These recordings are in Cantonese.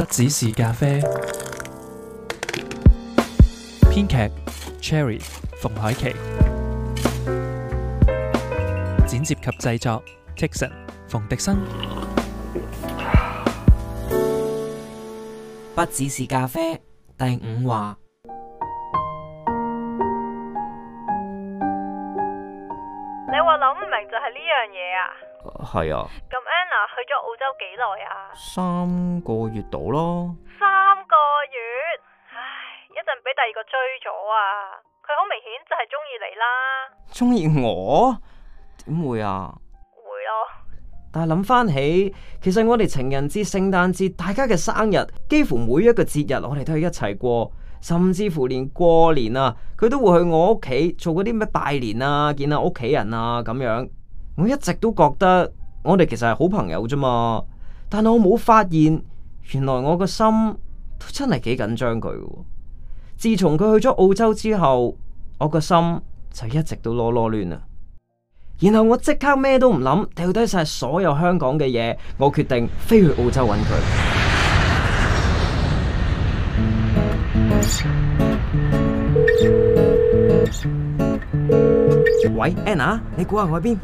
不只是咖啡，編劇 Cherry 馮海琪，剪接及製作 Tixon 馮迪生。不只是咖啡第五話， 你話諗唔明就係呢樣嘢啊？係、uh, 啊。 去咗澳洲幾耐啊？三個月到咯。三個月，唉，一陣俾第二個追咗啊！佢好明顯就係中意你啦。中意我？點會啊？會咯。但係諗翻起，其實我哋情人節、聖誕節，大家嘅生日，幾乎每一個節日，我哋都係一齊過，甚至乎連過年啊，佢都會去我屋企做嗰啲咩拜年啊，見下屋企人啊咁樣。我一直都覺得。我哋其實係好朋友啫嘛，但係我冇發現，原來我個心都真係幾緊張佢。自從佢去咗澳洲之後，我個心就一直都囉囉攣啦。然後我即刻咩都唔諗，掉低晒所有香港嘅嘢，我決定飛去澳洲揾佢。喂，Anna，你估下我喺邊？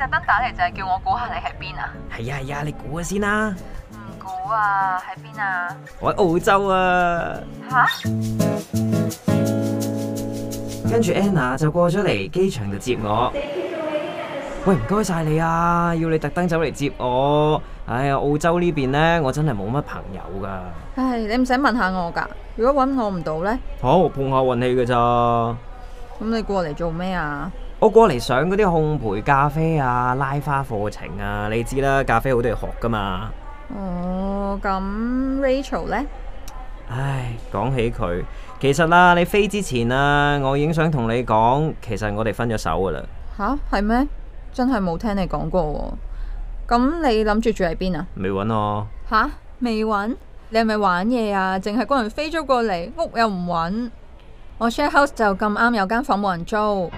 特登打嚟，就係叫我估下你喺邊啊！係啊，係啊，你估下先啦。唔估啊，喺邊啊？我喺澳洲啊。吓？跟住 Anna 就過咗嚟，機場就接我。喂，唔該晒你啊！要你特登走嚟接我。哎呀，澳洲呢邊咧，我真係冇乜朋友噶。唉，你唔使問下我噶，如果搵我唔到咧，好、哦、碰下運氣噶咋。咁你過嚟做咩啊？我過嚟上嗰啲烘焙咖啡啊、拉花課程啊，你知啦，咖啡好多嘢學噶嘛。哦，咁 Rachel 呢？唉，講起佢，其實啦，你飛之前啊，我已經想同你講，其實我哋分咗手噶啦。吓，係咩？真係冇聽你講過。咁你諗住住喺邊啊？未揾我。吓，未揾？你係咪玩嘢啊？淨係個人飛咗過嚟，屋又唔揾。我 share house 就咁啱有間房冇人租。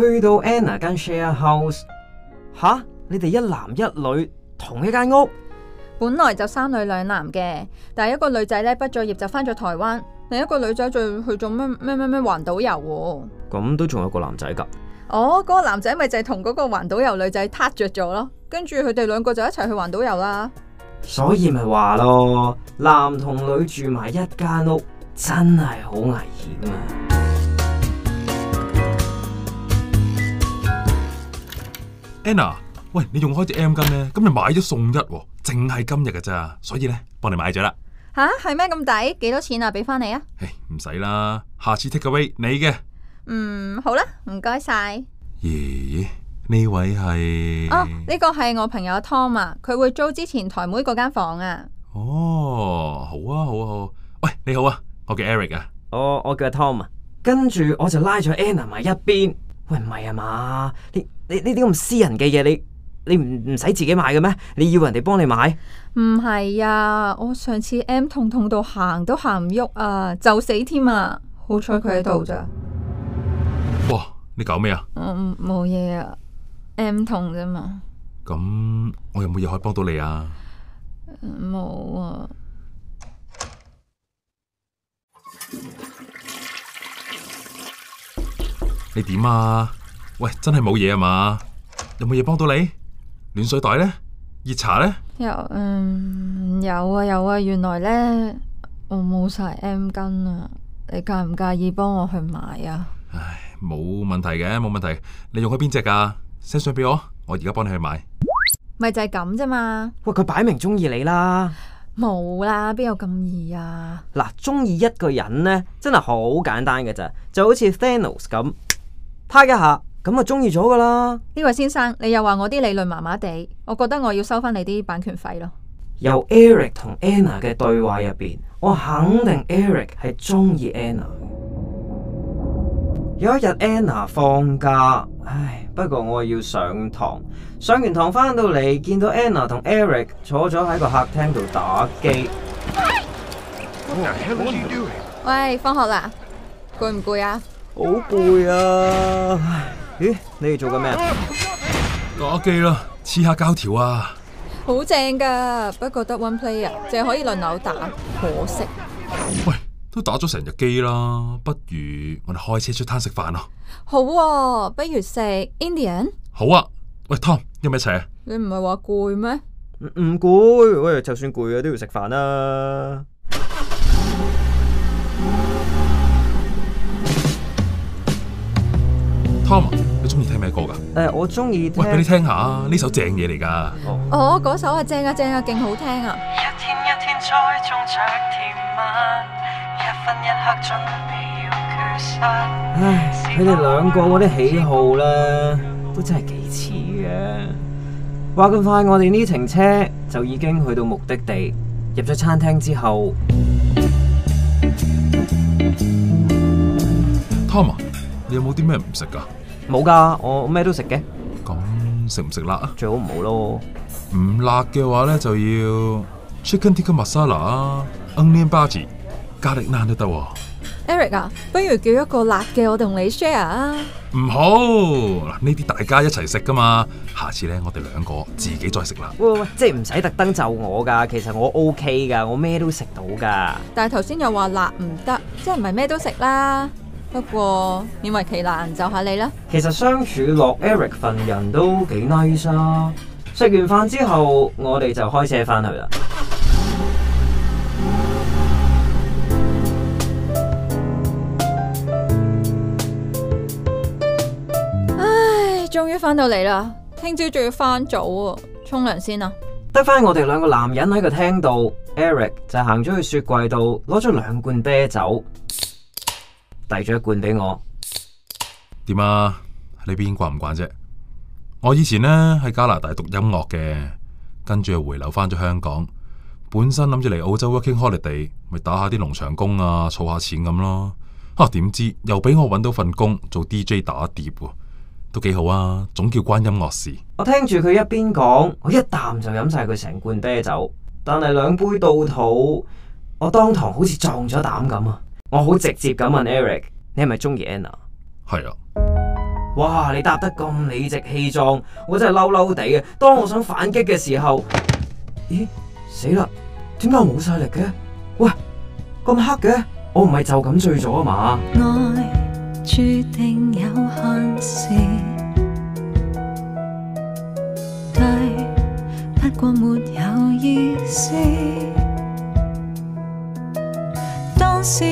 去到 Anna 間 share house，吓，你哋一男一女同一間屋？本來就三女兩男嘅，但係一個女仔咧畢咗業就翻咗台灣，另一個女仔仲去做咩咩咩咩環島遊喎。咁都仲有個男仔噶？哦，嗰個男仔咪就係同嗰個環島遊女仔撻着咗咯，跟住佢哋兩個就一齊去環島遊啦。所以咪話咯，男同女住埋一間屋真係好危險啊！Anna，喂，你用開隻 M 金咩？今日買一送一，淨係今日噶咋，所以咧幫你買咗啦。吓，係咩咁抵？幾多錢啊？俾翻你啊！誒，唔使啦，下次 take away 你嘅。嗯，好啦，唔該晒。咦？呢位係？哦，呢個係我朋友 Tom 啊，佢會租之前台妹嗰間房啊。哦，好啊，好啊，好。喂，你好啊，我叫 Eric 啊。我我叫 Tom 啊。跟住我就拉咗 Anna 埋一邊。喂，唔係啊嘛？你你呢啲咁私人嘅嘢，你你唔唔使自己買嘅咩？你要人哋幫你買？唔係啊，我上次 M 痛痛到行都行唔喐啊，就死添啊！好彩佢喺度咋？哇！你搞咩、呃、啊？嗯，冇嘢啊，M 痛啫嘛。咁我有冇嘢可以幫到你啊？冇、呃、啊。你點啊？喂，真係冇嘢啊嘛？有冇嘢幫到你？暖水袋咧，熱茶咧，嗯？有嗯有啊有啊，原來咧我冇晒 M 巾啊！你介唔介意幫我去買啊？唉，冇問題嘅，冇問題。你用開邊隻噶？send 相俾我，我而家幫你去買。咪就係咁啫嘛！喂，佢擺明中意你啦，冇啦，邊有咁易啊？嗱，中意一個人咧，真係好簡單嘅咋，就好似 Thanos 咁。拍一下，咁啊中意咗噶啦！呢位先生，你又話我啲理論麻麻地，我覺得我要收翻你啲版權費咯。由 Eric 同 Anna 嘅對話入邊，我肯定 Eric 係中意 Anna。有一日 Anna 放假，唉，不過我要上堂。上完堂翻到嚟，見到 Anna 同 Eric 坐咗喺個客廳度打機。喂，放學啦，攰唔攰啊？好攰啊！咦，你哋做緊咩啊？打機啦，黐下膠條啊！好正噶，不過得 one player 淨係可以輪流打，可惜。喂，都打咗成日機啦，不如我哋開車出攤食飯啊！好啊，不如食 Indian。好啊，喂 Tom，有咩一齊啊？你唔係話攰咩？唔攰、嗯，喂，就算攰啊，都要食飯啦。咩歌噶？誒、欸，我中意聽。喂，俾你聽下呢、嗯、首正嘢嚟噶。哦，嗰首啊，正啊，正啊，勁好聽啊！一天一天栽種着甜蜜，一分一刻準備要缺失。唉，佢哋兩個嗰啲喜好咧，都真係幾似嘅。話咁快，我哋呢程車就已經去到目的地。入咗餐廳之後，Thomas，你有冇啲咩唔食噶？冇噶，我咩都食嘅。咁食唔食辣啊？最好唔好咯。唔辣嘅話咧就要 chicken tikka masala、onion bhaji、咖喱腩都得。Eric 啊，不如叫一個辣嘅我同你 share 啊。唔好嗱，呢啲大家一齊食噶嘛。下次咧我哋兩個自己再食啦、嗯。喂喂喂，即係唔使特登就我噶，其實我 OK 噶，我咩都食到噶。但係頭先又話辣唔得，即係唔係咩都食啦。不過勉為其難，就下你啦。其實相處落 Eric 份人都幾 nice 啊！食完飯之後，我哋就開車翻去啦。唉，終於翻到嚟啦！聽朝仲要翻早啊！沖涼先啊。得翻我哋兩個男人喺個廳度，Eric 就行咗去雪櫃度攞咗兩罐啤酒。遞咗一罐俾我，點啊？你邊慣唔慣啫？我以前呢，喺加拿大讀音樂嘅，跟住又回流返咗香港。本身諗住嚟澳洲 working holiday，咪打下啲農場工啊，儲下錢咁咯。啊，點知又俾我搵到份工做 DJ 打碟喎，啊，都幾好啊，總叫關音樂事。我聽住佢一邊講，我一啖就飲晒佢成罐啤酒，但係兩杯到肚，我當堂好似撞咗膽咁啊！我好直接咁問 Eric，你係咪鍾意 Anna？係啊，哇，你答得咁理直氣壯，我真係嬲嬲地啊。當我想反擊嘅時候，咦，死啦，點解我冇晒力嘅？喂，咁黑嘅，我唔係就咁醉咗啊嘛。愛注定有限時，但不過沒有意思。」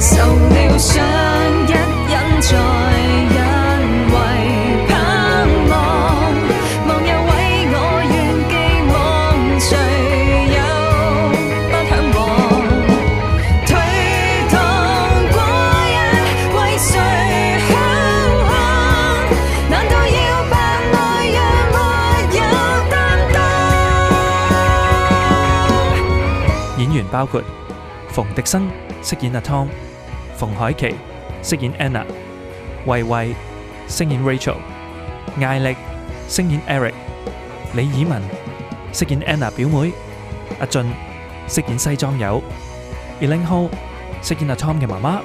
受了傷。包括馮迪生飾演阿 Tom，馮海琪飾演 Anna，慧慧飾演 Rachel，艾力飾演 Eric，李綺雯飾演 Anna 表妹，阿俊飾演西裝友，Elaine Ho 飾演阿 Tom 嘅媽媽，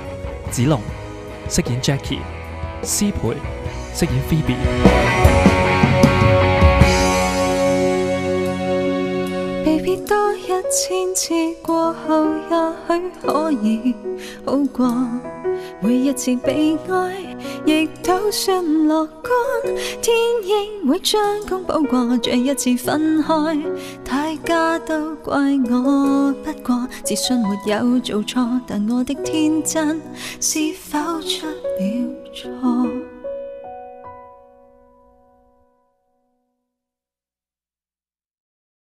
子龍飾演 Jackie，施培飾演 Phoebe。別多一千次過後，也許可以好過。每一次悲哀，亦都算樂觀。天應會將功補過，再一次分開，大家都怪我。不過自信沒有做錯，但我的天真是否出了錯？